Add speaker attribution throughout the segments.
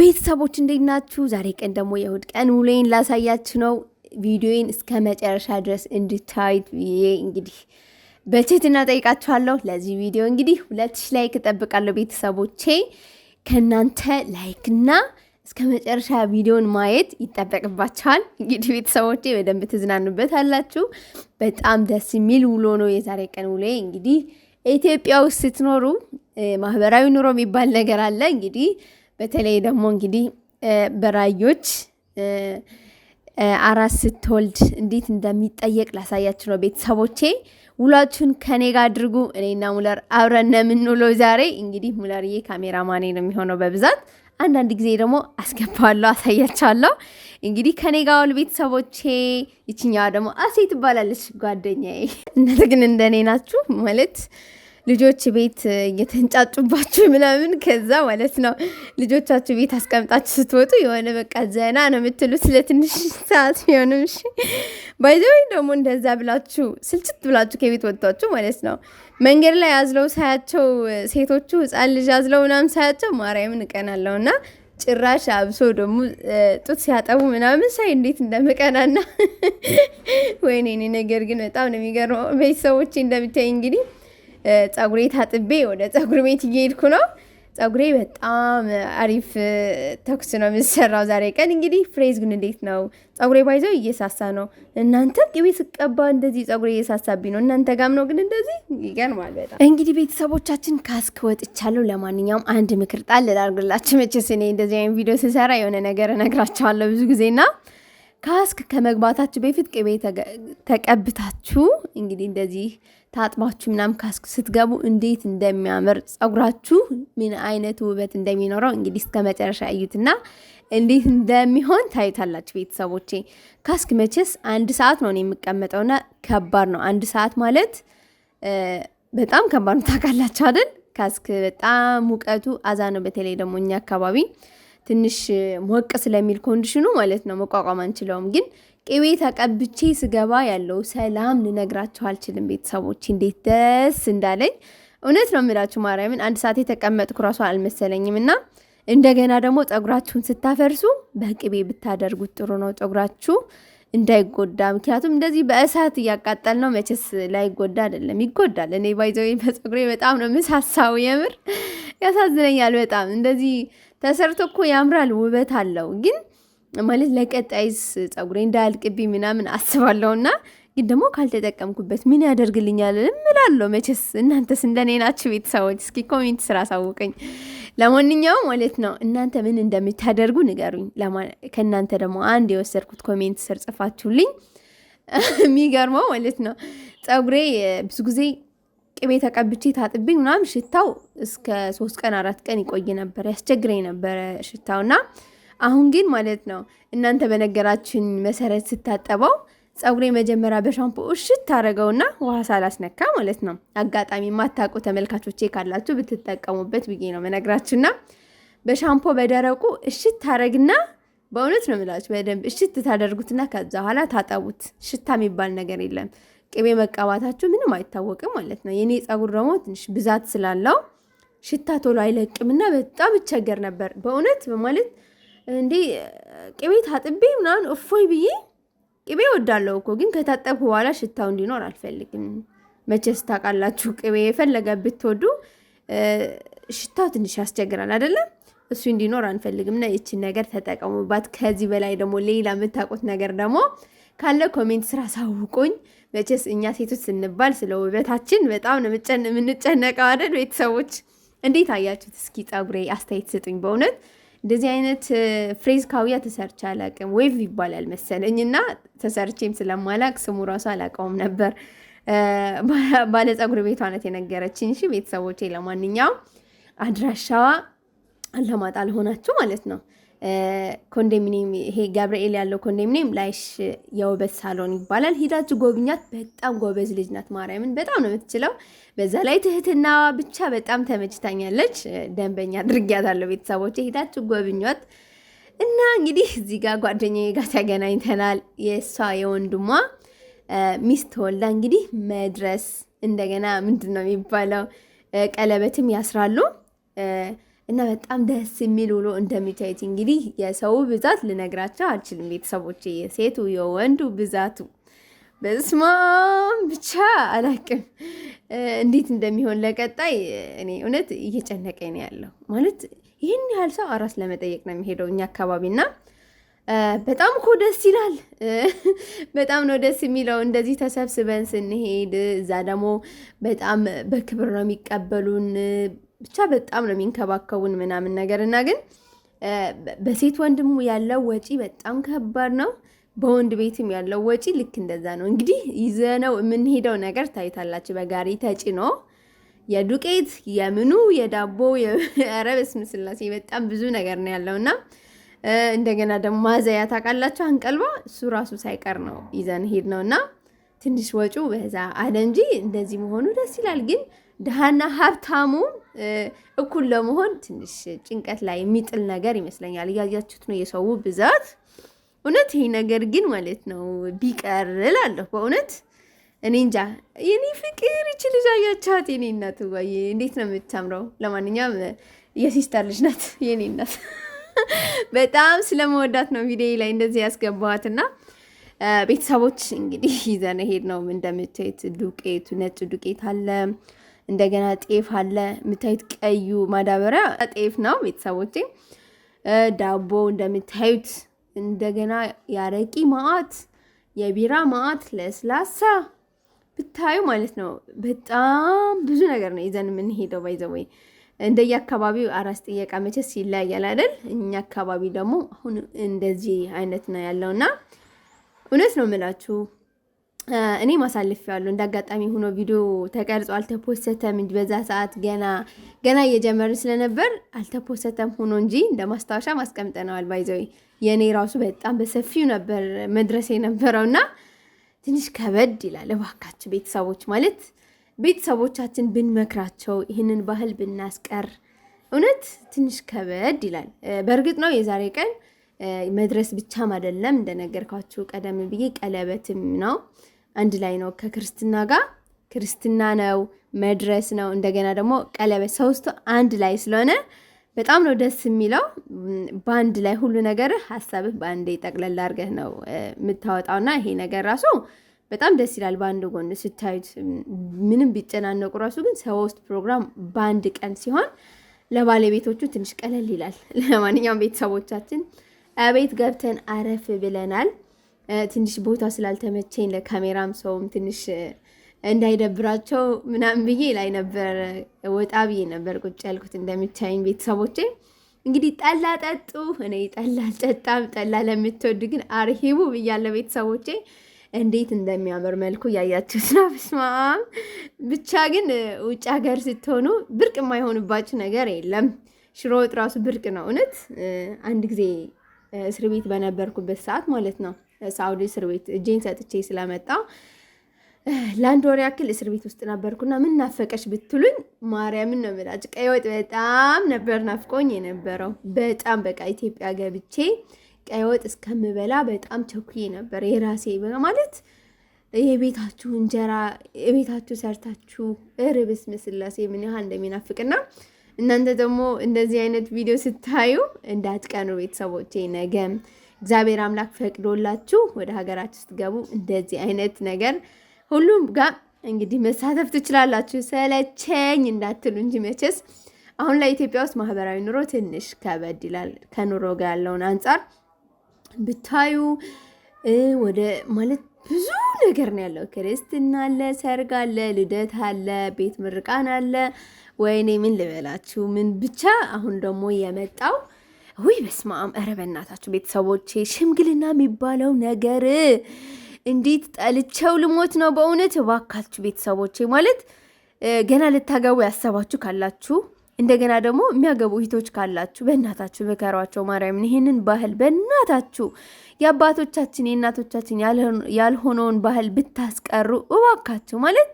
Speaker 1: ቤተሰቦች እንዴት ናችሁ? ዛሬ ቀን ደግሞ የእሑድ ቀን ውሎዬን ላሳያችሁ ነው። ቪዲዮዬን እስከ መጨረሻ ድረስ እንድታዩት ብዬ እንግዲህ በትህትና ጠይቃችኋለሁ። ለዚህ ቪዲዮ እንግዲህ ሁለት ሺ ላይክ እጠብቃለሁ ቤተሰቦቼ። ከእናንተ ላይክና እስከ መጨረሻ ቪዲዮን ማየት ይጠበቅባቸዋል። እንግዲህ ቤተሰቦቼ በደንብ ትዝናኑበት አላችሁ። በጣም ደስ የሚል ውሎ ነው የዛሬ ቀን ውሎዬ። እንግዲህ ኢትዮጵያ ውስጥ ስትኖሩ ማህበራዊ ኑሮ የሚባል ነገር አለ እንግዲህ በተለይ ደግሞ እንግዲህ በራዮች አራስ ስትወልድ እንዴት እንደሚጠየቅ ላሳያችሁ ነው። ቤተሰቦቼ ውሏችሁን ከኔ ጋር አድርጉ። እኔና ሙለር አብረን ነው የምንውለው ዛሬ። እንግዲህ ሙለርዬ ማኔ ነው የሚሆነው በብዛት አንዳንድ ጊዜ ደግሞ አስገባለሁ፣ አሳያችኋለሁ። እንግዲህ ከኔ ጋር ውል ቤተሰቦቼ። ይችኛዋ ደግሞ አሴ ትባላለች ጓደኛዬ። እናንተ ግን እንደኔ ናችሁ ማለት ልጆች ቤት እየተንጫጩባችሁ ምናምን ከዛ ማለት ነው ልጆቻችሁ ቤት አስቀምጣችሁ ስትወጡ የሆነ በቃ ዘና ነው የምትሉት ለትንሽ ሰዓት ቢሆንም። እሺ ባይዘወይ ደግሞ እንደዛ ብላችሁ ስልችት ብላችሁ ከቤት ወጥታችሁ ማለት ነው መንገድ ላይ አዝለው ሳያቸው ሴቶቹ ህፃን ልጅ አዝለው ምናምን ሳያቸው ማርያምን እቀናለሁ እና ጭራሽ አብሶ ደግሞ ጡት ሲያጠቡ ምናምን ሳይ እንዴት እንደምቀናና ወይኔ! ነገር ግን በጣም ነው የሚገርመው። ቤተሰቦች እንደምታይ እንግዲህ ፀጉሬ ታጥቤ ወደ ፀጉር ቤት እየሄድኩ ነው። ፀጉሬ በጣም አሪፍ ተኩስ ነው የምሰራው ዛሬ ቀን። እንግዲህ ፍሬዝ ግን እንዴት ነው ፀጉሬ ባይዘው እየሳሳ ነው። እናንተ ቅቤ ስቀባ እንደዚህ ፀጉሬ እየሳሳብኝ ነው። እናንተ ጋም ነው ግን እንደዚህ ይገርማል በጣም። እንግዲህ ቤተሰቦቻችን ካስክ ወጥቻለሁ። ለማንኛውም አንድ ምክር ጣል ላርግላችሁ። መቼስ እኔ እንደዚህ አይነት ቪዲዮ ስሰራ የሆነ ነገር እነግራቸዋለሁ ብዙ ጊዜና ካስክ ከመግባታችሁ በፊት ቅቤ ተቀብታችሁ እንግዲህ እንደዚህ ታጥባችሁ ምናምን ካስክ ስትገቡ እንዴት እንደሚያምር ጸጉራችሁ ምን አይነት ውበት እንደሚኖረው እንግዲህ እስከ መጨረሻ እዩትና እንዴት እንደሚሆን ታይታላችሁ ቤተሰቦቼ። ካስክ መቼስ አንድ ሰዓት ነው የሚቀመጠውና ከባድ ነው። አንድ ሰዓት ማለት በጣም ከባድ ነው። ታውቃላችሁ አይደል? ካስክ በጣም ሙቀቱ አዛ ነው። በተለይ ደግሞ እኛ አካባቢ ትንሽ ሞቅ ስለሚል ኮንዲሽኑ ማለት ነው መቋቋም አንችለውም። ግን ቅቤ ተቀብቼ ስገባ ያለው ሰላም ልነግራችሁ አልችልም። ቤተሰቦች እንዴት ደስ እንዳለኝ እውነት ነው የምላችሁ። ማርያምን አንድ ሰዓት የተቀመጥኩ ራሷ አልመሰለኝም። እና እንደገና ደግሞ ጸጉራችሁን ስታፈርሱ በቅቤ ብታደርጉት ጥሩ ነው ጸጉራችሁ እንዳይጎዳ ምክንያቱም እንደዚህ በእሳት እያቃጠል ነው መቼስ ላይጎዳ አይደለም፣ ይጎዳል። እኔ ባይዘ በጸጉሬ በጣም ነው ምሳሳው፣ የምር ያሳዝነኛል በጣም እንደዚህ ተሰርቶ እኮ ያምራል፣ ውበት አለው። ግን ማለት ለቀጣይስ ፀጉሬ እንዳያልቅብኝ ምናምን አስባለሁና ግን ደግሞ ካልተጠቀምኩበት ምን ያደርግልኛል እምላለሁ። መቼስ እናንተስ እንደኔ ናችሁ ቤተሰቦች? እስኪ ኮሜንት ስራ አሳውቀኝ። ለማንኛውም ማለት ነው እናንተ ምን እንደምታደርጉ ንገሩኝ። ከእናንተ ደግሞ አንድ የወሰድኩት ኮሜንት ስር ጽፋችሁልኝ የሚገርመው ማለት ነው ፀጉሬ ብዙ ጊዜ ቅቤ ተቀብቼ ታጥብኝ ምናምን ሽታው እስከ ሶስት ቀን አራት ቀን ይቆይ ነበር። ያስቸግረኝ ነበረ እና አሁን ግን ማለት ነው እናንተ በነገራችን መሰረት ስታጠበው ፀጉሬ መጀመሪያ በሻምፖ እሽት ታደረገውና ውሃ ሳላስነካ ማለት ነው። አጋጣሚ የማታውቁ ተመልካቾቼ ካላችሁ ብትጠቀሙበት ብዬ ነው መነግራችሁና በሻምፖ በደረቁ እሽት ታደረግና በእውነት ነው ምላች በደንብ እሽት ታደርጉትና ከዛ በኋላ ታጠቡት። ሽታ የሚባል ነገር የለም። ቅቤ መቀባታችሁ ምንም አይታወቅም ማለት ነው። የኔ ፀጉር ደግሞ ትንሽ ብዛት ስላለው ሽታ ቶሎ አይለቅምና በጣም እቸገር ነበር በእውነት ማለት እንዴ ቅቤ ታጥቤ ምናምን እፎይ ብዬ ቅቤ ወዳለው እኮ ግን ከታጠብኩ በኋላ ሽታው እንዲኖር አልፈልግም። መቼስ ታውቃላችሁ ቅቤ የፈለገ ብትወዱ ሽታው ትንሽ ያስቸግራል አይደለም? እሱ እንዲኖር አንፈልግም እና ይችን ነገር ተጠቀሙባት። ከዚህ በላይ ደግሞ ሌላ የምታውቁት ነገር ደግሞ ካለ ኮሜንት ስራ ሳውቁኝ። መቼስ እኛ ሴቶች ስንባል ስለ ውበታችን በጣም ነው የምንጨነቀው አይደል? ቤተሰቦች እንዴት አያችሁት? እስኪ ጸጉሬ አስተያየት ስጡኝ። በእውነት እንደዚህ አይነት ፍሬዝ ካውያ ተሰርቼ አላቅም። ዌቭ ይባላል መሰለኝ እና ተሰርቼም ስለማላቅ ስሙ ራሱ አላውቀውም ነበር። ባለ ጸጉር ቤቷ ናት የነገረችኝ። እሺ ቤተሰቦቼ፣ ለማንኛውም አድራሻዋ አለማጣ አልሆናችሁ ማለት ነው ኮንዶሚኒየም ይሄ ገብርኤል ያለው ኮንዶሚኒየም ላይሽ የውበት ሳሎን ይባላል። ሂዳችሁ ጎብኛት። በጣም ጎበዝ ልጅ ናት። ማርያምን በጣም ነው የምትችለው። በዛ ላይ ትህትና ብቻ በጣም ተመችታኛለች። ደንበኛ አድርጊያታለሁ። ቤተሰቦች ሂዳችሁ ጎብኟት እና እንግዲህ እዚህ ጋር ጓደኛዬ ጋር ተገናኝተናል። የእሷ የወንድሟ ሚስት ወልዳ እንግዲህ መድረስ እንደገና ምንድን ነው የሚባለው ቀለበትም ያስራሉ እና በጣም ደስ የሚል ውሎ እንደሚታዩት እንግዲህ የሰው ብዛት ልነግራቸው አልችልም። ቤተሰቦች የሴቱ የወንዱ ብዛቱ በስማም ብቻ አላቅም እንዴት እንደሚሆን ለቀጣይ እኔ እውነት እየጨነቀኝ ነው ያለው። ማለት ይህን ያህል ሰው አራስ ለመጠየቅ ነው የሚሄደው እኛ አካባቢ እና በጣም እኮ ደስ ይላል። በጣም ነው ደስ የሚለው እንደዚህ ተሰብስበን ስንሄድ። እዛ ደግሞ በጣም በክብር ነው የሚቀበሉን። ብቻ በጣም ነው የሚንከባከቡን ምናምን ነገር እና ግን በሴት ወንድሙ ያለው ወጪ በጣም ከባድ ነው። በወንድ ቤትም ያለው ወጪ ልክ እንደዛ ነው። እንግዲህ ይዘነው የምንሄደው ነገር ታይታላችሁ። በጋሪ ተጭኖ የዱቄት የምኑ የዳቦ ኧረ በስመ ስላሴ በጣም ብዙ ነገር ነው ያለው እና እንደገና ደግሞ ማዘያ ታውቃላችሁ፣ አንቀልባ እሱ ራሱ ሳይቀር ነው ይዘን ሄድ ነው እና ትንሽ ወጪው በዛ አለ እንጂ እንደዚህ መሆኑ ደስ ይላል ግን ድሃና ሀብታሙ እኩል ለመሆን ትንሽ ጭንቀት ላይ የሚጥል ነገር ይመስለኛል። እያያችሁት ነው የሰው ብዛት። እውነት ይሄ ነገር ግን ማለት ነው ቢቀር እላለሁ በእውነት እኔ እንጃ የኔ ፍቅር ይች ልጅ አያቻት የኔ እናት ወይ እንዴት ነው የምታምረው! ለማንኛውም የሲስተር ልጅ ናት የኔ እናት። በጣም ስለመወዳት ነው ቪዲዮ ላይ እንደዚህ ያስገባኋት እና ቤተሰቦች እንግዲህ ይዘን ሄድ ነው እንደምታዩት ዱቄቱ ነጭ ዱቄት አለ እንደገና ጤፍ አለ። የምታዩት ቀዩ ማዳበሪያ ጤፍ ነው ቤተሰቦቼ። ዳቦ እንደምታዩት እንደገና የአረቂ ማአት፣ የቢራ ማአት፣ ለስላሳ ብታዩ ማለት ነው። በጣም ብዙ ነገር ነው ይዘን የምንሄደው ባይዘዌ እንደየ አካባቢው አራስ ጥየቃ መቼስ ይለያያል አይደል? እኛ አካባቢ ደግሞ አሁን እንደዚህ አይነት ነው ያለውና እውነት ነው የምላችሁ እኔ ማሳልፍ ያሉ እንደ አጋጣሚ ሆኖ ቪዲዮ ተቀርጾ አልተፖሰተም እንጂ በዛ ሰዓት ገና ገና እየጀመርን ስለነበር አልተፖሰተም ሆኖ እንጂ እንደ ማስታወሻ ማስቀምጠነዋል። ባይዘዊ የእኔ ራሱ በጣም በሰፊው ነበር መድረስ የነበረው እና ትንሽ ከበድ ይላል። እባካችሁ ቤተሰቦች ማለት ቤተሰቦቻችን ብንመክራቸው ይህንን ባህል ብናስቀር እውነት ትንሽ ከበድ ይላል። በእርግጥ ነው የዛሬ ቀን መድረስ ብቻም አይደለም እንደነገርኳችሁ ቀደም ብዬ ቀለበትም ነው አንድ ላይ ነው ከክርስትና ጋር ክርስትና ነው መድረስ ነው። እንደገና ደግሞ ቀለበት ሶስቱ አንድ ላይ ስለሆነ በጣም ነው ደስ የሚለው። በአንድ ላይ ሁሉ ነገር ሀሳብህ በአንዴ ጠቅለል አድርገህ ነው የምታወጣውና ይሄ ነገር ራሱ በጣም ደስ ይላል። በአንድ ጎን ስታዩት ምንም ቢጨናነቁ ራሱ ግን ሶስት ፕሮግራም በአንድ ቀን ሲሆን ለባለቤቶቹ ትንሽ ቀለል ይላል። ለማንኛውም ቤተሰቦቻችን ቤት ገብተን አረፍ ብለናል። ትንሽ ቦታ ስላልተመቸኝ ለካሜራም ሰውም ትንሽ እንዳይደብራቸው ምናምን ብዬ ላይ ነበር ወጣ ብዬ ነበር ቁጭ ያልኩት። እንደሚቻይኝ ቤተሰቦቼ እንግዲህ ጠላ ጠጡ። እኔ ጠላ አልጠጣም። ጠላ ለምትወድ ግን አርሂቡ ብያለሁ ቤተሰቦቼ። እንዴት እንደሚያምር መልኩ እያያችሁት ነው። በስመ አብ ብቻ ግን ውጭ ሀገር ስትሆኑ ብርቅ የማይሆንባችሁ ነገር የለም። ሽሮ ወጥ ራሱ ብርቅ ነው። እውነት አንድ ጊዜ እስር ቤት በነበርኩበት ሰዓት ማለት ነው ሳውዲ እስር ቤት እጄን ሰጥቼ ስለመጣ ለአንድ ወር ያክል እስር ቤት ውስጥ ነበርኩና ምን ናፈቀሽ ብትሉኝ ማርያምን ነው የምላችሁ። ቀይ ወጥ በጣም ነበር ናፍቆኝ የነበረው። በጣም በቃ ኢትዮጵያ ገብቼ ቀይ ወጥ እስከምበላ በጣም ቸኩዬ ነበር። የራሴ ማለት የቤታችሁ እንጀራ የቤታችሁ ሰርታችሁ ርብስ ምስላሴ ምን ያህል እንደሚናፍቅና እናንተ ደግሞ እንደዚህ አይነት ቪዲዮ ስታዩ እንዳትቀኑ ቤተሰቦቼ ነገም እግዚአብሔር አምላክ ፈቅዶላችሁ ወደ ሀገራችሁ ስትገቡ እንደዚህ አይነት ነገር ሁሉም ጋር እንግዲህ መሳተፍ ትችላላችሁ። ሰለቸኝ እንዳትሉ እንጂ መቼስ አሁን ላይ ኢትዮጵያ ውስጥ ማህበራዊ ኑሮ ትንሽ ከበድ ይላል። ከኑሮ ጋር ያለውን አንጻር ብታዩ ወደ ማለት ብዙ ነገር ነው ያለው። ክርስትና አለ፣ ሰርግ አለ፣ ልደት አለ፣ ቤት ምርቃን አለ። ወይኔ ምን ልበላችሁ? ምን ብቻ አሁን ደግሞ የመጣው ውይ በስመ አብ! ኧረ በእናታችሁ ቤተሰቦቼ ሽምግልና የሚባለው ነገር እንዴት ጠልቼው ልሞት ነው በእውነት። እባካችሁ ቤተሰቦቼ ማለት ገና ልታገቡ ያሰባችሁ ካላችሁ እንደገና ደግሞ የሚያገቡ እህቶች ካላችሁ በእናታችሁ ምከሯቸው። ማርያምን ይህንን ባህል በእናታችሁ የአባቶቻችን የእናቶቻችን ያልሆነውን ባህል ብታስቀሩ እባካችሁ ማለት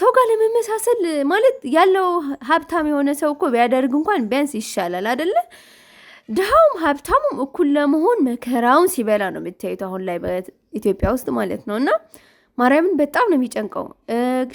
Speaker 1: ሰው ጋር ለመመሳሰል ማለት ያለው ሀብታም የሆነ ሰው እኮ ቢያደርግ እንኳን ቢያንስ ይሻላል አደለ? ድሃውም ሀብታሙም እኩል ለመሆን መከራውን ሲበላ ነው የምታዩት አሁን ላይ በኢትዮጵያ ውስጥ ማለት ነው። እና ማርያምን በጣም ነው የሚጨንቀው።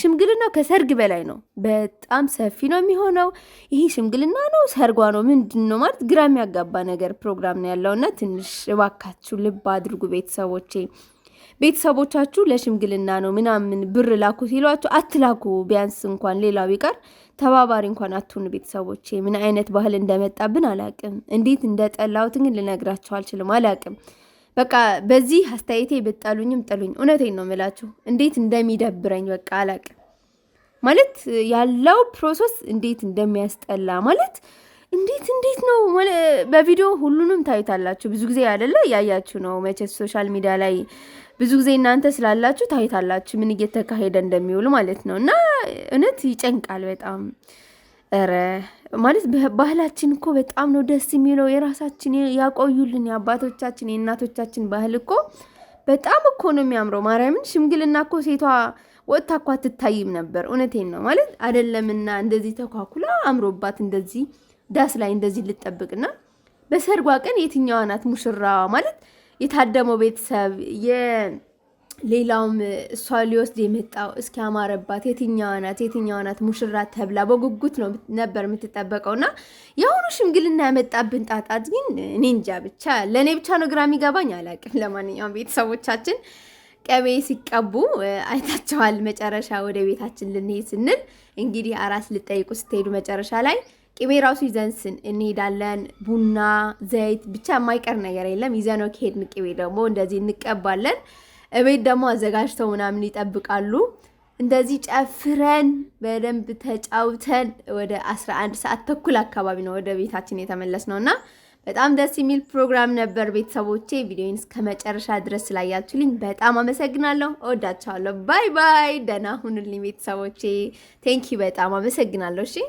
Speaker 1: ሽምግልናው ከሰርግ በላይ ነው። በጣም ሰፊ ነው የሚሆነው። ይሄ ሽምግልና ነው ሰርጓ ነው ምንድን ነው ማለት ግራ የሚያጋባ ነገር ፕሮግራም ነው ያለው። እና ትንሽ እባካችሁ ልብ አድርጉ ቤተሰቦቼ። ቤተሰቦቻችሁ ለሽምግልና ነው ምናምን ብር ላኩ ሲሏችሁ አትላኩ። ቢያንስ እንኳን ሌላው ቢቀር ተባባሪ እንኳን አትሁን። ቤተሰቦቼ ምን አይነት ባህል እንደመጣብን አላቅም። እንዴት እንደጠላሁት ግን ልነግራቸው አልችልም። አላቅም። በቃ በዚህ አስተያየቴ ብጠሉኝም ጥሉኝ፣ እውነቴን ነው ምላችሁ። እንዴት እንደሚደብረኝ በቃ አላቅም። ማለት ያለው ፕሮሰስ እንዴት እንደሚያስጠላ ማለት እንዴት እንዴት ነው በቪዲዮ ሁሉንም ታዩታላችሁ። ብዙ ጊዜ አይደለ ያያችሁ ነው መቼ ሶሻል ሚዲያ ላይ ብዙ ጊዜ እናንተ ስላላችሁ ታይታላችሁ ምን እየተካሄደ እንደሚውሉ ማለት ነው። እና እውነት ይጨንቃል በጣም ረ ማለት ባህላችን እኮ በጣም ነው ደስ የሚለው። የራሳችን ያቆዩልን የአባቶቻችን የእናቶቻችን ባህል እኮ በጣም እኮ ነው የሚያምረው። ማርያምን ሽምግልና እኮ ሴቷ ወጥታ እኮ አትታይም ነበር። እውነቴን ነው ማለት አይደለምና እንደዚህ ተኳኩላ አምሮባት እንደዚህ ዳስ ላይ እንደዚህ ልጠብቅና በሰርጓ ቀን የትኛዋ ናት ሙሽራ ማለት የታደመው ቤተሰብ የሌላውም እሷ ሊወስድ የመጣው እስኪ አማረባት የትኛዋ ናት የትኛዋ ናት ሙሽራት ተብላ በጉጉት ነው ነበር እና የአሁኑ ሽምግልና ያመጣብን ጣጣት ግን እኔ እንጃ ብቻ ለእኔ ብቻ ነው ግራ የሚገባኝ አላውቅም። ለማንኛውም ቤተሰቦቻችን ቀቤ ሲቀቡ አይታቸዋል። መጨረሻ ወደ ቤታችን ልንሄድ ስንል እንግዲህ አራስ ልጠይቁ ስትሄዱ መጨረሻ ላይ ቅቤ ራሱ ይዘን ስን እንሄዳለን። ቡና፣ ዘይት ብቻ የማይቀር ነገር የለም። ይዘነው ከሄድን ቅቤ ደግሞ እንደዚህ እንቀባለን። እቤት ደግሞ አዘጋጅተው ምናምን ይጠብቃሉ። እንደዚህ ጨፍረን በደንብ ተጫውተን ወደ 11 ሰዓት ተኩል አካባቢ ነው ወደ ቤታችን የተመለስ ነው እና በጣም ደስ የሚል ፕሮግራም ነበር። ቤተሰቦቼ ቪዲዮን እስከ መጨረሻ ድረስ ስላያችሁልኝ በጣም አመሰግናለሁ። እወዳችኋለሁ። ባይ ባይ። ደህና ሁኑልኝ ቤተሰቦቼ። ቴንኪ በጣም አመሰግናለሁ። እሺ